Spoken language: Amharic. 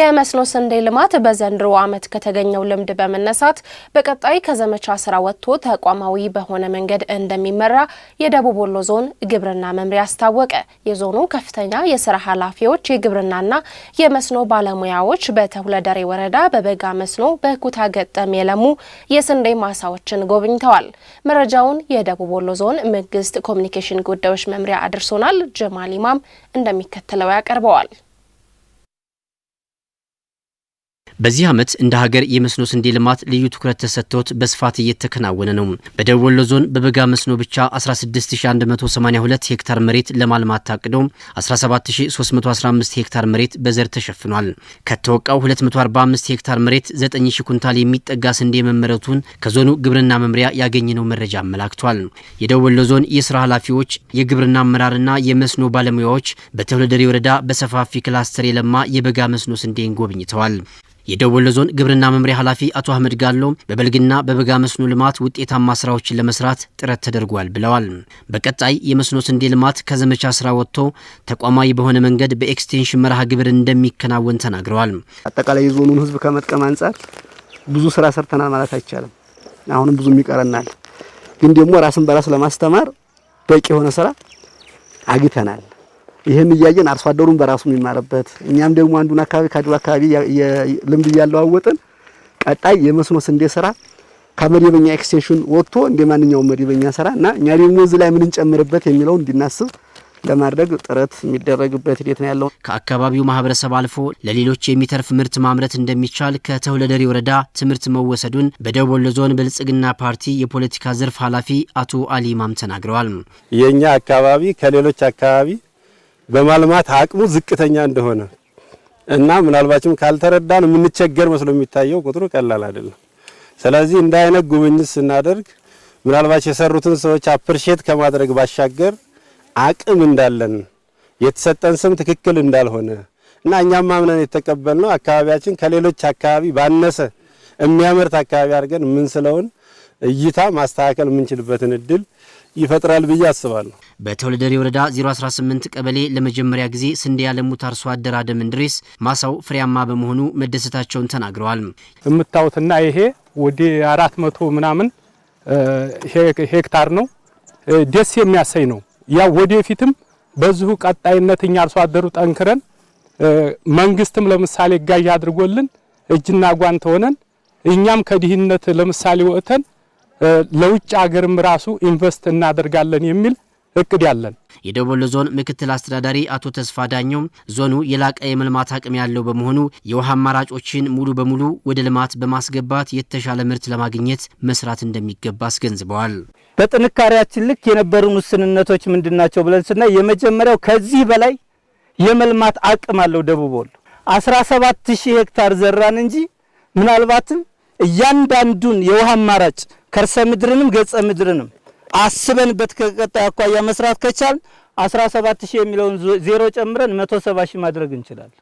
የመስኖ ስንዴ ልማት በዘንድሮ ዓመት ከተገኘው ልምድ በመነሳት በቀጣይ ከዘመቻ ስራ ወጥቶ ተቋማዊ በሆነ መንገድ እንደሚመራ የደቡብ ወሎ ዞን ግብርና መምሪያ አስታወቀ። የዞኑ ከፍተኛ የስራ ኃላፊዎች፣ የግብርናና የመስኖ ባለሙያዎች በተሁለደሬ ወረዳ በበጋ መስኖ በኩታ ገጠም የለሙ የስንዴ ማሳዎችን ጎብኝተዋል። መረጃውን የደቡብ ወሎ ዞን መንግስት ኮሚኒኬሽን ጉዳዮች መምሪያ አድርሶናል። ጀማል ኢማም እንደሚከተለው ያቀርበዋል። በዚህ ዓመት እንደ ሀገር የመስኖ ስንዴ ልማት ልዩ ትኩረት ተሰጥቶት በስፋት እየተከናወነ ነው። በደቡብ ወሎ ዞን በበጋ መስኖ ብቻ 16182 ሄክታር መሬት ለማልማት ታቅዶ 17315 ሄክታር መሬት በዘር ተሸፍኗል። ከተወቃው 245 ሄክታር መሬት 9000 ኩንታል የሚጠጋ ስንዴ መመረቱን ከዞኑ ግብርና መምሪያ ያገኘነው መረጃ አመላክቷል። የደቡብ ወሎ ዞን የስራ ኃላፊዎች፣ የግብርና አመራርና የመስኖ ባለሙያዎች በተሁለደሬ ወረዳ በሰፋፊ ክላስተር የለማ የበጋ መስኖ ስንዴን ጎብኝተዋል። የደቡብ ወሎ ዞን ግብርና መምሪያ ኃላፊ አቶ አህመድ ጋሎ በበልግና በበጋ መስኖ ልማት ውጤታማ ስራዎችን ለመስራት ጥረት ተደርጓል ብለዋል። በቀጣይ የመስኖ ስንዴ ልማት ከዘመቻ ስራ ወጥቶ ተቋማዊ በሆነ መንገድ በኤክስቴንሽን መርሃ ግብር እንደሚከናወን ተናግረዋል። አጠቃላይ የዞኑን ህዝብ ከመጥቀም አንጻር ብዙ ስራ ሰርተናል ማለት አይቻልም። አሁንም ብዙ ይቀረናል። ግን ደግሞ ራስን በራስ ለማስተማር በቂ የሆነ ስራ አግተናል። ይህም እያየን አርሶ አደሩን በራሱ የሚማርበት እኛም ደግሞ አንዱን አካባቢ ከአንዱ አካባቢ ልምድ እያለዋወጥን ቀጣይ የመስኖ ስንዴ ስራ ከመደበኛ ኤክስቴንሽን ወጥቶ እንደ ማንኛውም መደበኛ ስራ እና እኛ ደግሞ እዚህ ላይ ምን እንጨምርበት የሚለው እንዲናስብ ለማድረግ ጥረት የሚደረግበት ሂደት ነው ያለው። ከአካባቢው ማህበረሰብ አልፎ ለሌሎች የሚተርፍ ምርት ማምረት እንደሚቻል ከተሁለደሬ ወረዳ ትምህርት መወሰዱን በደቡብ ወሎ ዞን ብልጽግና ፓርቲ የፖለቲካ ዘርፍ ኃላፊ አቶ አሊ ማም ተናግረዋል። የእኛ አካባቢ ከሌሎች አካባቢ በማልማት አቅሙ ዝቅተኛ እንደሆነ እና ምናልባችም ካልተረዳን የምንቸገር መስሎ የሚታየው ቁጥሩ ቀላል አይደለም። ስለዚህ እንደ አይነት ጉብኝት ስናደርግ ምናልባች የሰሩትን ሰዎች አፕርሼት ከማድረግ ባሻገር አቅም እንዳለን የተሰጠን ስም ትክክል እንዳልሆነ እና እኛም አምነን የተቀበልነው አካባቢያችን ከሌሎች አካባቢ ባነሰ የሚያመርት አካባቢ አድርገን ምን ስለውን እይታ ማስተካከል የምንችልበትን እድል ይፈጥራል ብዬ አስባለሁ። በተወለደሪ ወረዳ 018 ቀበሌ ለመጀመሪያ ጊዜ ስንዴ ያለሙት አርሶ አደር አደም እንድሬስ ማሳው ፍሬያማ በመሆኑ መደሰታቸውን ተናግረዋል። የምታዩትና ይሄ ወደ አራት መቶ ምናምን ሄክታር ነው። ደስ የሚያሰኝ ነው። ያ ወደፊትም በዚሁ ቀጣይነት እኛ አርሶ አደሩ ጠንክረን መንግስትም ለምሳሌ እገዛ አድርጎልን እጅና ጓንት ሆነን እኛም ከድህነት ለምሳሌ ወጥተን ለውጭ ሀገርም ራሱ ኢንቨስት እናደርጋለን የሚል እቅድ ያለን። የደቡብ ወሎ ዞን ምክትል አስተዳዳሪ አቶ ተስፋ ዳኘው ዞኑ የላቀ የመልማት አቅም ያለው በመሆኑ የውሃ አማራጮችን ሙሉ በሙሉ ወደ ልማት በማስገባት የተሻለ ምርት ለማግኘት መስራት እንደሚገባ አስገንዝበዋል። በጥንካሬያችን ልክ የነበሩን ውስንነቶች ምንድናቸው ብለን ስናይ የመጀመሪያው ከዚህ በላይ የመልማት አቅም አለው ደቡብ ወሎ 17 ሺህ ሄክታር ዘራን እንጂ ምናልባትም እያንዳንዱን የውሃ አማራጭ ከርሰ ምድርንም ገጸ ምድርንም አስበንበት ከቀጣይ አኳያ መስራት ከቻል 17000 የሚለውን ዜሮ ጨምረን 170000 ማድረግ እንችላለን።